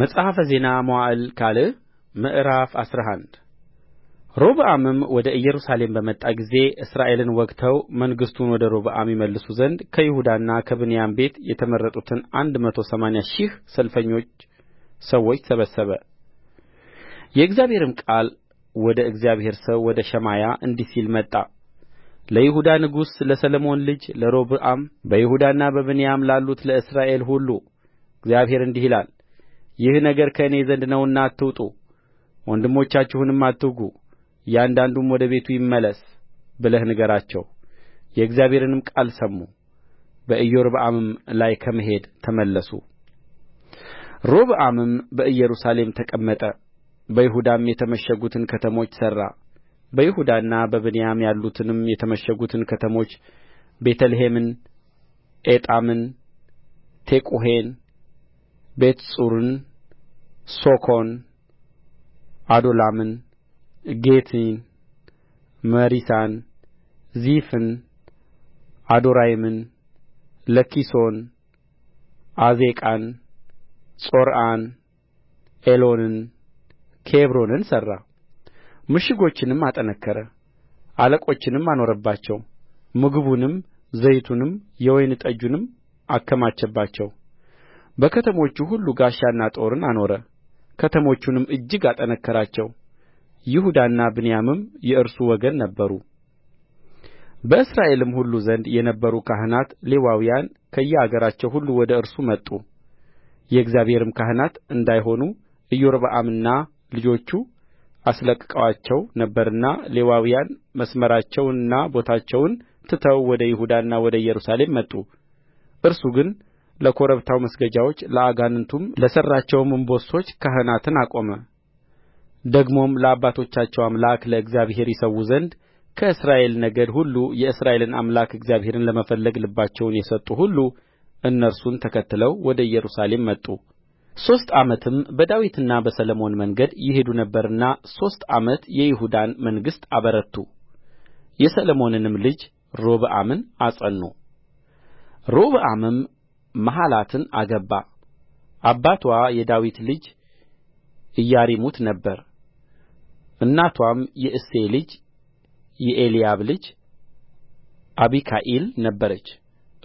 መጽሐፈ ዜና መዋዕል ካልዕ ምዕራፍ አስራ አንድ ሮብዓምም ወደ ኢየሩሳሌም በመጣ ጊዜ እስራኤልን ወግተው መንግሥቱን ወደ ሮብዓም ይመልሱ ዘንድ ከይሁዳና ከብንያም ቤት የተመረጡትን አንድ መቶ ሰማንያ ሺህ ሰልፈኞች ሰዎች ሰበሰበ። የእግዚአብሔርም ቃል ወደ እግዚአብሔር ሰው ወደ ሸማያ እንዲህ ሲል መጣ። ለይሁዳ ንጉሥ ለሰሎሞን ልጅ ለሮብዓም በይሁዳና በብንያም ላሉት ለእስራኤል ሁሉ እግዚአብሔር እንዲህ ይላል ይህ ነገር ከእኔ ዘንድ ነውና አትውጡ ወንድሞቻችሁንም አትውጉ እያንዳንዱም ወደ ቤቱ ይመለስ ብለህ ንገራቸው የእግዚአብሔርንም ቃል ሰሙ በኢዮርብዓምም ላይ ከመሄድ ተመለሱ ሮብዓምም በኢየሩሳሌም ተቀመጠ በይሁዳም የተመሸጉትን ከተሞች ሠራ በይሁዳና በብንያም ያሉትንም የተመሸጉትን ከተሞች ቤተ ልሔምን ኤጣምን ቴቁሔን ቤትጹርን ሶኮን ዓዶላምን ጌትን መሪሳን ዚፍን አዶራይምን ለኪሶን ዓዜቃን ጾርዓን ኤሎንን ኬብሮንን ሠራ ምሽጎችንም አጠነከረ አለቆችንም አኖረባቸው ምግቡንም ዘይቱንም የወይን ጠጁንም አከማቸባቸው በከተሞቹ ሁሉ ጋሻና ጦርን አኖረ ከተሞቹንም እጅግ አጠነከራቸው ይሁዳና ብንያምም የእርሱ ወገን ነበሩ በእስራኤልም ሁሉ ዘንድ የነበሩ ካህናት ሌዋውያን ከየአገራቸው ሁሉ ወደ እርሱ መጡ የእግዚአብሔርም ካህናት እንዳይሆኑ ኢዮርብዓምና ልጆቹ አስለቅቀዋቸው ነበርና ሌዋውያን መስመራቸውንና ቦታቸውን ትተው ወደ ይሁዳና ወደ ኢየሩሳሌም መጡ እርሱ ግን ለኮረብታው መስገጃዎች ለአጋንንቱም ለሠራቸውም እምቦሶች ካህናትን አቆመ ደግሞም ለአባቶቻቸው አምላክ ለእግዚአብሔር ይሠዉ ዘንድ ከእስራኤል ነገድ ሁሉ የእስራኤልን አምላክ እግዚአብሔርን ለመፈለግ ልባቸውን የሰጡ ሁሉ እነርሱን ተከትለው ወደ ኢየሩሳሌም መጡ ሦስት ዓመትም በዳዊትና በሰሎሞን መንገድ ይሄዱ ነበርና ሦስት ዓመት የይሁዳን መንግሥት አበረቱ የሰሎሞንንም ልጅ ሮብዓምን አጸኑ ሮብዓምም መሐላትን አገባ አባትዋ የዳዊት ልጅ ኢያሪሙት ነበረ እናትዋም የእሴይ ልጅ የኤልያብ ልጅ አቢካኢል ነበረች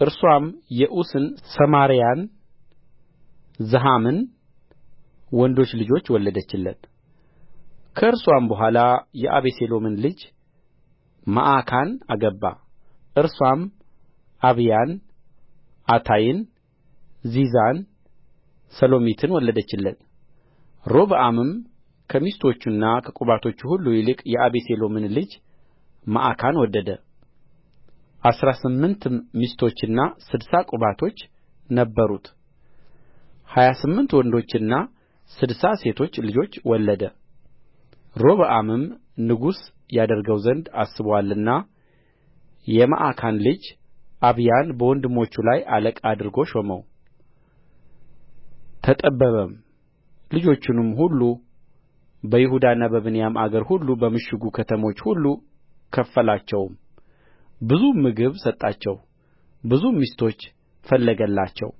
እርስዋም የዑስን ሰማርያን ዘሃምን ወንዶች ልጆች ወለደችለት ከእርሷም በኋላ የአቤሴሎምን ልጅ መዓካን አገባ እርሷም አብያን አታይን ዚዛን ሰሎሚትን ወለደችለት ሮብዓምም ከሚስቶቹና ከቁባቶቹ ሁሉ ይልቅ የአቤሴሎምን ልጅ መዓካን ወደደ አሥራ ስምንትም ሚስቶችና ስድሳ ቁባቶች ነበሩት ሀያ ስምንት ወንዶችና ስድሳ ሴቶች ልጆች ወለደ ሮብዓምም ንጉሥ ያደርገው ዘንድ አስቦአልና የመዓካን ልጅ አብያን በወንድሞቹ ላይ አለቃ አድርጎ ሾመው ተጠበበም ልጆቹንም ሁሉ በይሁዳና በብንያም አገር ሁሉ በምሽጉ ከተሞች ሁሉ ከፈላቸውም ብዙም ምግብ ሰጣቸው ብዙም ሚስቶች ፈለገላቸው